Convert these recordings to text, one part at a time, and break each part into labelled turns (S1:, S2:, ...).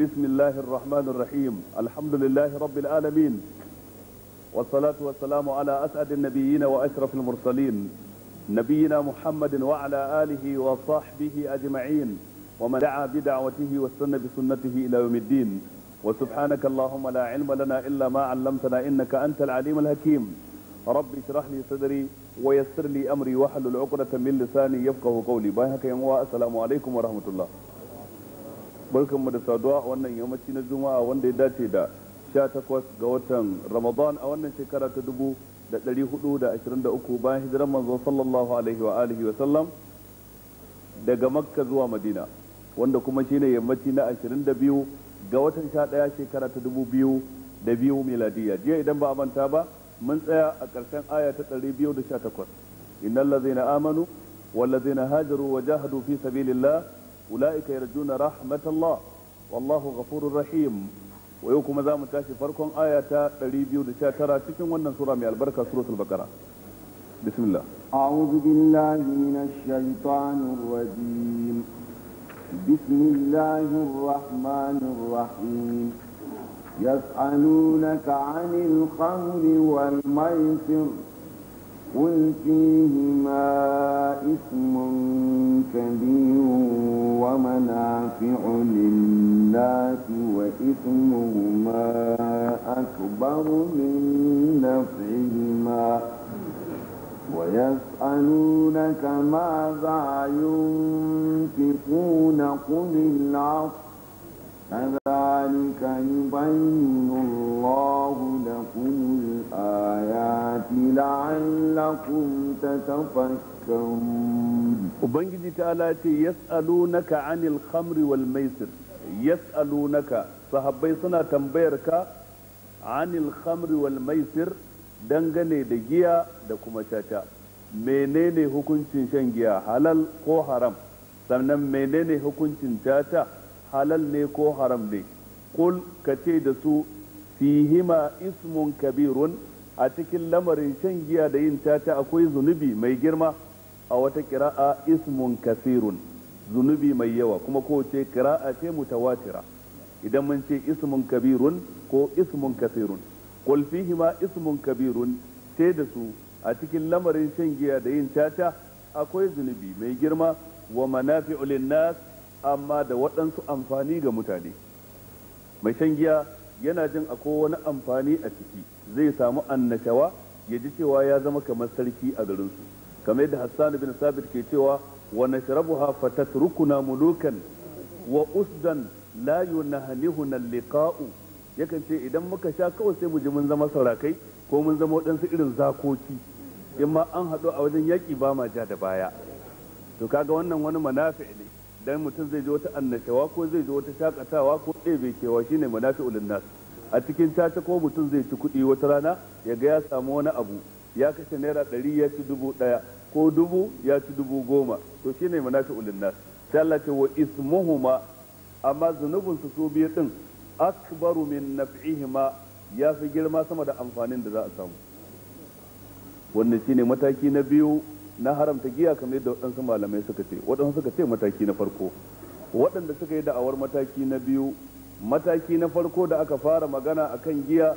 S1: بسم الله الرحمن الرحيم الحمد لله رب العالمين والصلاة والسلام على أسعد النبيين وأشرف المرسلين نبينا محمد وعلى آله وصحبه أجمعين ومن دعا بدعوته واستنى بسنته إلى يوم الدين وسبحانك اللهم لا علم لنا إلا ما علمتنا إنك أنت العليم الحكيم رب اشرح لي صدري ويسر لي أمري واحلل عقدة من لساني يفقه قولي باهك يا السلام عليكم ورحمة الله mu da saduwa a wannan yammaci na juma'a wanda ya dace da 18 ga watan ramadan a wannan shekara ta dubu da 423 bayan hijiran manzon sallallahu alaihi wa alihi wa sallam daga makka zuwa madina wanda kuma shine yammaci na 22 ga watan 11 shekara ta 2002 miladiya jiya idan ba manta ba mun tsaya a ƙarshen aya ta 218 innal ladzina amanu wal ladzina hajaru wa jahadu fi sabilillah أولئك يرجون رحمة الله والله غفور رحيم ويوكم ذا متاشي فرقم آية ريبيو ترى تكن ونن سورة من البركة سورة البقرة بسم الله أعوذ بالله من الشيطان الرجيم بسم الله الرحمن الرحيم يسألونك عن الخمر والميسر قل فيهما إثم كبير ومنافع للناس وإثمهما أكبر من نفعهما ويسألونك ماذا ينفقون قل العصر كذلك يبين الله لكم ayati la'allakum tatafakkarun ubangiji ta'ala ce naka 'anil khamri wal maisir naka sahabbai suna tambayar ka 'anil khamri wal maisir dangane da giya da kuma caca menene hukuncin shan giya halal ko haram sannan menene hukuncin caca halal ne ko haram ne kul ka ce da su fihima ismun kabirun a cikin lamarin shan giya da yin caca akwai zunubi mai girma a wata kira'a ismun kasirun zunubi mai yawa kuma kowace kira'a ce mutawatira idan mun ce ismun kabirun ko ismun kasirun qul fihima ismun kabirun ce da su a cikin lamarin shan giya da yin caca akwai zunubi mai girma wa manafi'ul linnas amma da waɗansu amfani ga mutane mai shan giya yana jin akwai wani amfani a ciki zai samu annashawa ya ji cewa ya zama kamar sarki a garinsu kamar yadda hassan bin sabit ke cewa wa nashrabuha fatatrukuna mulukan wa usdan la na liqa'u yakan ce idan muka sha kawai sai mu ji mun zama sarakai ko mun zama waɗansu irin zakoki in ma an haɗu a wajen yaƙi ba ma ja da baya to kaga wannan wani manafi ne dan mutum zai ji wata annashawa ko zai ji wata shakatawa ko ɗaya bai kewa shine manafi'ul nas a cikin caca ko mutum zai ci kuɗi wata rana ya ga ya samu wani abu ya kashe naira ɗari ya ci dubu ɗaya ko dubu ya ci dubu goma to shine manafi'ul nas sai Allah ce wa ismuhuma amma zunubin su su biyu din akbaru min naf'ihima ya fi girma sama da amfanin da za a samu wannan shine mataki na biyu na haramta giya kamar yadda waɗansu malamai suka ce waɗansu suka ce mataki na farko waɗanda suka yi da'awar mataki na biyu mataki na farko da aka fara magana akan giya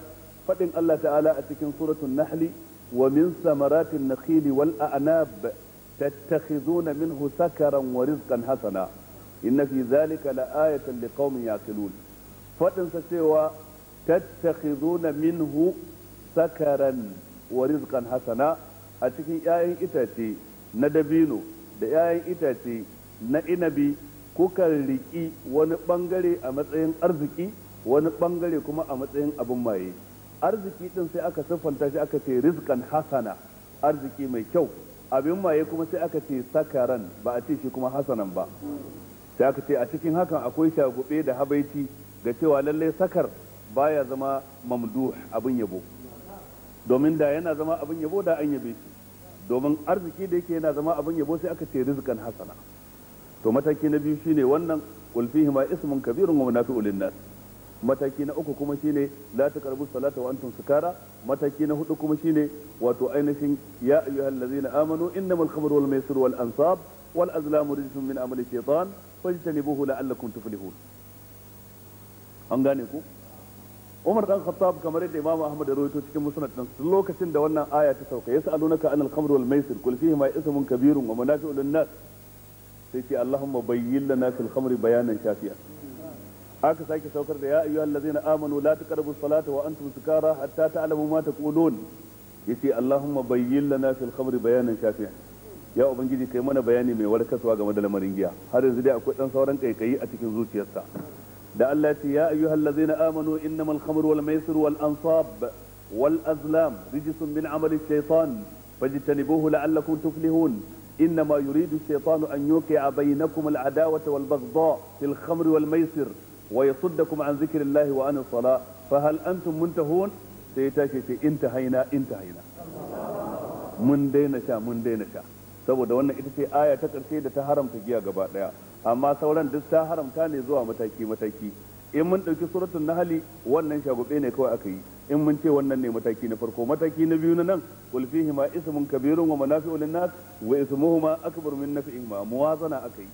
S1: faɗin Allah ta'ala a cikin suratun nahli wa min samaratin nakhili wal a'nab tattakhizuna minhu sakaran wa rizqan hasana inna fi zalika la'ayatan liqaumin yaqilun faɗin sa cewa tattakhizuna minhu sakaran wa rizqan hasana a cikin 'ya'yan itace na dabino da 'ya'yan itace na inabi kukan riƙi wani ɓangare a matsayin arziki wani ɓangare kuma a matsayin abin maye arziki ɗin sai aka siffanta shi aka ce riskan hasana arziki mai kyau abin maye kuma sai aka ce sakaran ba a ce shi kuma hasanan ba sai aka ce a cikin hakan akwai shagube da habaici ga cewa lallai sakar baya zama mamdu abin yabo domin da yana zama abin yabo da an yabe shi domin arziki da yake yana zama abin yabo sai aka ce rizqan hasana to mataki na biyu shine wannan qul fihi ma ismun kabirun wa munafi'u linnas mataki na uku kuma shine la taqrabu salata wa antum sukara mataki na hudu kuma shine wato ainihin ya ayyuhallazina amanu innamal khamru wal maisir wal ansab wal azlamu rijsun min amali shaytan fajtanibuhu la'allakum tuflihun an gane ku Umar dan Khattab kamar yadda Imam Ahmad ya rawaito cikin musnad din lokacin da wannan aya ta sauka alunaka anal khamr wal maisir kul fihi ma ismun kabirun wa manafi'un lin nas sai ce Allahumma bayyin lana fil khamri bayanan shafiya aka sake saukar da ya ayu allazina amanu la taqrabu salata wa antum sukara hatta ta'lamu ma taqulun yace Allahumma bayyin lana fil khamri bayanan shafiya ya ubangiji kai mana bayani mai warkaswa game da lamarin giya har yanzu dai akwai dan sauran kaikayi a cikin zuciyarsa ده يا أيها الذين آمنوا إنما الخمر والميسر والأنصاب والأزلام رجس من عمل الشيطان فاجتنبوه لعلكم تفلحون إنما يريد الشيطان أن يوقع بينكم العداوة والبغضاء في الخمر والميسر ويصدكم عن ذكر الله وعن الصلاة فهل أنتم منتهون؟ سيتاشي في انتهينا انتهينا من دينشا من دينشا سبو دوانا إتفي آية تكرسي دتهرم تجيها قبات amma sauran duk ta haramta ne zuwa mataki mataki in mun ɗauki suratun nahali wannan shagube ne kawai aka yi in mun ce wannan ne mataki na farko mataki na biyu na nan qul fihi ma ismun kabirun wa manafi'u lin-nas wa ismuhuma akbar min ma muwazana aka yi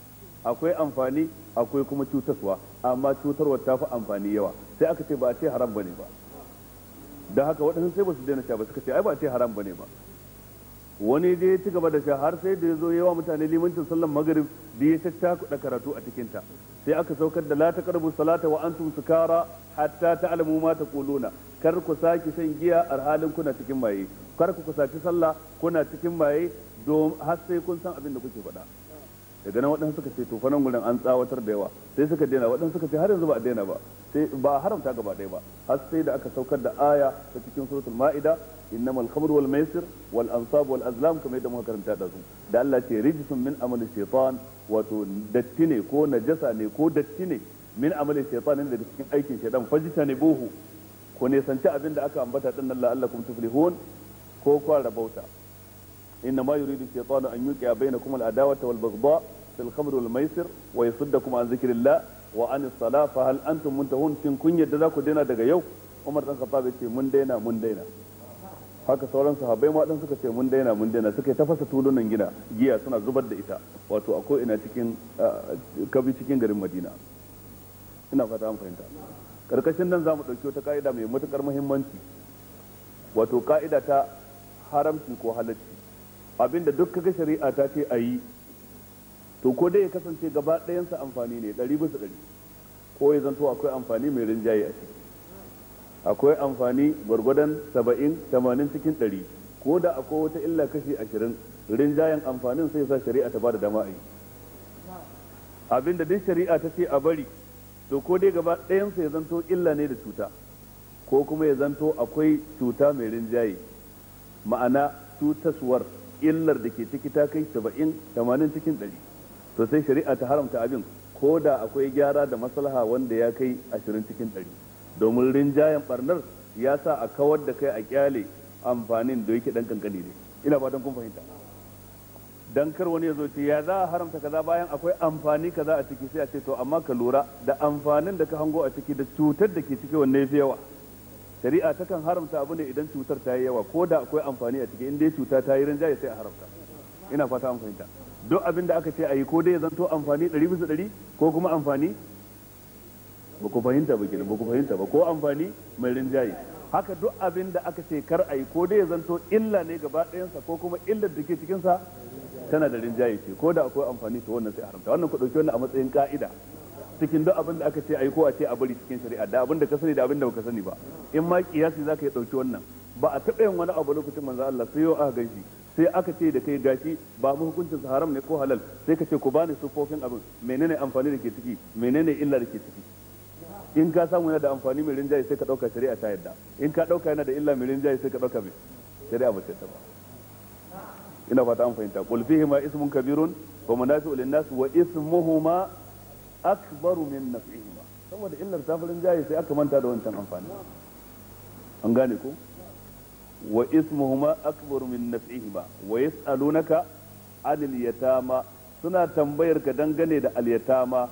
S1: akwai amfani akwai kuma cutarwa amma cutarwa ta fi amfani yawa sai aka ce ba a ce haram bane ba da haka waɗannan sai ba su daina sha ba suka ce ai ba a ce haram bane ba wani dai ya ci gaba da shahar har sai da ya zo yawa mutane limancin sallan magrib da ya ta da karatu a cikin ta sai aka saukar da la karbu salata wa an antum kara hatta alamu ma ta kuluna kar ku sake shan giya a halin kuna cikin maye kar ku kusaci sallah kuna cikin maye don har sai kun san abin da kuke faɗa daga nan waɗansu suka ce to fanan gurin an tsawatar da yawa sai suka daina waɗansu suka ce har yanzu ba a daina ba sai ba haramta gaba ɗaya ba har sai da aka saukar da aya ta cikin suratul ma'ida innamal khamru wal maisir wal ansab kamar yadda muka karanta da su da Allah ce rijsun min amali shaytan wato datti ne ko najasa ne ko datti ne min amali shaytan ne daga cikin aikin shaytan fajita ne bohu ko ne sanci abin da aka ambata din nan la'allakum tuflihun ko kwa rabauta inna ma yuridu shaytanu an yuqiya bainakum al adawata wal baghdha fil khamri wal maisir wa yasuddakum an zikrillah wa an as-salah fa hal antum muntahun shin kun yadda za ku daina daga yau Umar dan Khattab ce mun daina mun daina haka sauran sahabbai ma suka ce mun daina mun daina suka tafasa tulunan gina giya suna zubar da ita wato a ina cikin kabi cikin garin madina ina fata an fahimta karkashin nan za mu ɗauki wata ka'ida mai matuƙar muhimmanci wato ka'ida ta haramci ko halacci abinda duk kaga shari'a ta ce a yi to ko dai ya kasance gaba ɗayansa amfani ne ɗari bisa ɗari ko ya zanto akwai amfani mai rinjaye a ciki akwai amfani gwargwadon saba'in tamanin cikin ɗari ko da akwai wata illa kashi ashirin rinjayen amfanin sai sa shari'a ta ba da dama a yi abinda duk shari'a ta ce a bari to ko dai gaba ɗayansa ya zanto illa ne da cuta ko kuma ya zanto akwai cuta mai rinjaye ma'ana cutaswar illar da ke ciki ta kai saba'in tamanin cikin ɗari to sai shari'a ta haramta abin ko da akwai gyara da maslaha wanda ya kai ashirin cikin ɗari domin rinjayen barnar ya sa a kawar da kai a kyale amfanin da yake dan kankani ne ina fatan kun fahimta dan kar wani ya zo ce ya za a haramta kaza bayan akwai amfani kaza a ciki sai a ce to amma ka lura da amfanin da ka hango a ciki da cutar da ke ciki wanne fi yawa shari'a takan haramta abu ne idan cutar ta yi yawa ko da akwai amfani a ciki in dai cuta ta yi rinjaye sai a haramta ina fata an fahimta duk abin da aka ce a yi ko dai ya zanto amfani 100 bisa 100 ko kuma amfani ba ku fahimta ba kenan ba ku fahimta ba ko amfani mai rinjaye haka duk abin da aka ce kar a yi ko dai ya zanto illa ne gaba ɗayansa ko kuma illar da ke cikinsa tana da rinjaye ce ko da akwai amfani to wannan sai haramta wannan ku ɗauki wannan a matsayin ka'ida cikin duk abin da aka ce a yi ko a ce a bari cikin shari'a da abin da ka sani da abin da baka sani ba in ma kiyasi zaka yi ɗauki wannan ba a taɓa yin wani abu lokacin manzo Allah sai yau aka gaji sai aka ce da kai gashi ba mu hukuncin haram ne ko halal sai ka ce ku bani sufofin abin menene amfani da ke ciki menene illa da ke ciki in ka samu yana da amfani mai rinjaye sai ka dauka shari'a ta yadda in ka dauka yana da illa mai rinjaye sai ka dauka mai shari'a ba ta ba ina fata an fahimta qul fihi ma ismun kabirun wa manafi'u lin-nas wa ismuhuma akbaru min naf'ihima saboda illar safarin rinjaye sai aka manta da wancan amfani an gane ko wa ismuhuma akbaru min naf'ihima wa yas'alunaka anil yatama suna tambayar ka dangane da al yatama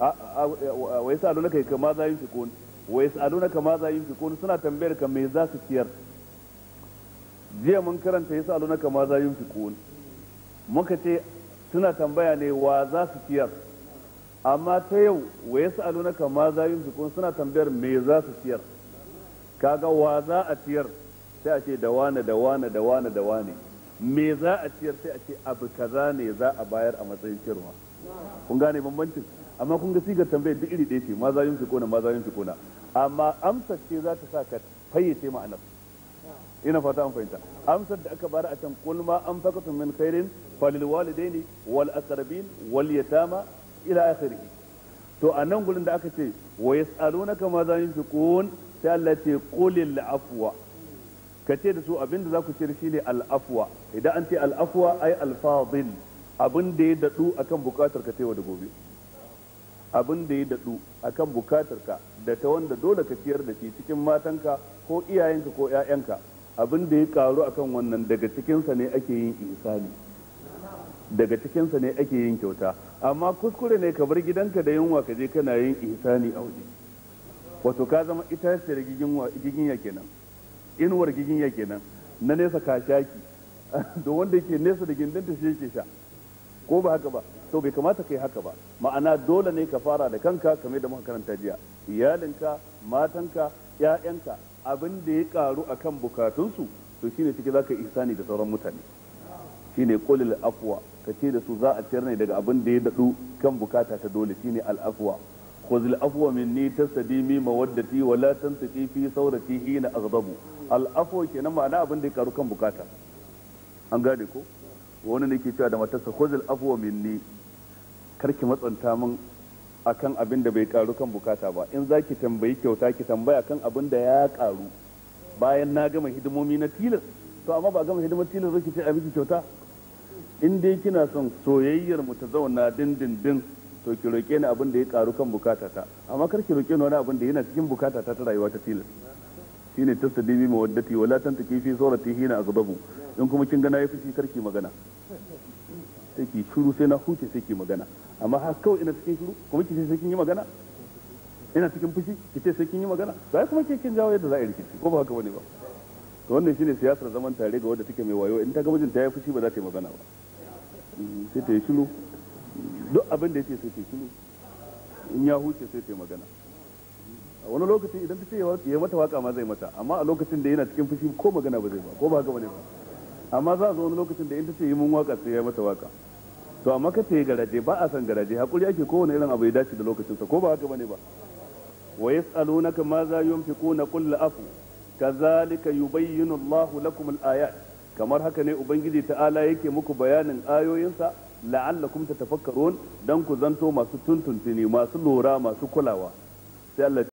S1: wa kai kama za yunfikun wa aluna kama za yunfikun suna tambayar ka me za su ciyar jiya mun karanta aluna kama za yunfikun muka ce suna tambaya ne wa za su ciyar amma ta yau wa aluna kama za yunfikun suna tambayar me za su ciyar kaga wa za a ciyar sai a ce da wane da wane da wane da wane me za a ciyar sai a ce abu kaza ne za a bayar a matsayin ciyarwa kun gane bambancin amma kun ga sigar tambayar duk iri ɗaya ce maza yin fikona ma yin fikona amma amsar ce za ta sa ka fayyace ma'anar ina fata an fahimta amsar da aka bara a can kul ma an fakatu min khairin falil walidaini wal aqrabin wal yatama ila akhirih to a nan gurin da aka ce wa yas'alunaka ma maza yunfiqun sai Allah ce qulil afwa ka ce da su abinda za ku ce shine ne al'afuwa idan an ce al'afuwa ai ay abin da ya daɗu akan bukatar ka ce wa da gobe abin da ya dadu akan bukatarka da ta wanda dole ka ciyar da shi cikin matanka ko iyayenka ko yayanka abin da ya karu akan wannan daga cikinsa ne ake yin ihsani daga cikinsa ne ake yin kyauta amma kuskure ne ka bar gidanka da yunwa ka je kana yin ihsani a waje wato ka zama ita ce da giginya kenan inuwar kenan na nesa ka shaki da wanda yake nesa da gindin da shi yake sha ko ba haka ba to bai kamata kai haka ba ma'ana dole ne ka fara da kanka kamar da makarantar jiya iyalinka matanka ƴaƴanka abin da ya karu akan bukatunsu to shine ciki zaka ihsani da sauran mutane shine qulil afwa ka ce da su za a ciyar ne daga abin da ya dadu kan bukata ta dole shine al afwa خذ العفو مني تستديمي مودتي ولا تنتقي في ثورتي حين اغضب العفو kenan ma'ana abin da ya karu kan bukata an gane ko wani ne ke cewa da matarsa khuzil afwa minni karki matsanta min akan abin da bai karu kan bukata ba in za ki tambayi kyauta ki tambaya kan abin da ya karu bayan na gama hidimomi na tilas to amma ba gama hidimar tilas ba ki ce a miki kyauta in dai kina son soyayyar mu ta zauna dindindin to ki roke ni abin da ya karu kan ta amma kar ki roke ni wani abin da yana cikin bukata ta rayuwa ta tilas shine tasdibi mawaddati wala tantaki fi surati hina aghdabu in kuma kin ga na yi fushi kar ki magana sai ki shuru sai na huce sai ki magana amma har kawai ina cikin shiru kuma ki sai kin yi magana ina cikin fushi ki sai kin yi magana To ai kuma ke kin jawo yadda za a yi rikici ko ba haka bane ba to wannan shine siyasar zaman tare ga wanda take mai wayo in ta ga mijinta ya fushi ba za ta yi magana ba mm, sai ta yi shiru duk abin da yake sai ta yi shiru in ya huce sai ta yi magana a wani lokacin idan ta ce ya mata waka ma zai mata amma a lokacin da yana cikin fushi ko magana ba zai ba ko ba haka bane ba amma za a zo wani lokacin da in ta ce yi mun waka sai ya mata waka to amma ka ce garaje ba a san garaje hakuri ake kowane irin abu ya dace da lokacinsa ko ba haka bane ba wa yas'alunaka ma za yunfiquna qul afu kazalika yubayyinu Allahu lakum al-ayat kamar haka ne ubangiji ta'ala yake muku bayanin ayoyinsa la'allakum tatafakkarun dan ku zanto masu tuntuntuni masu lura masu kulawa sai Allah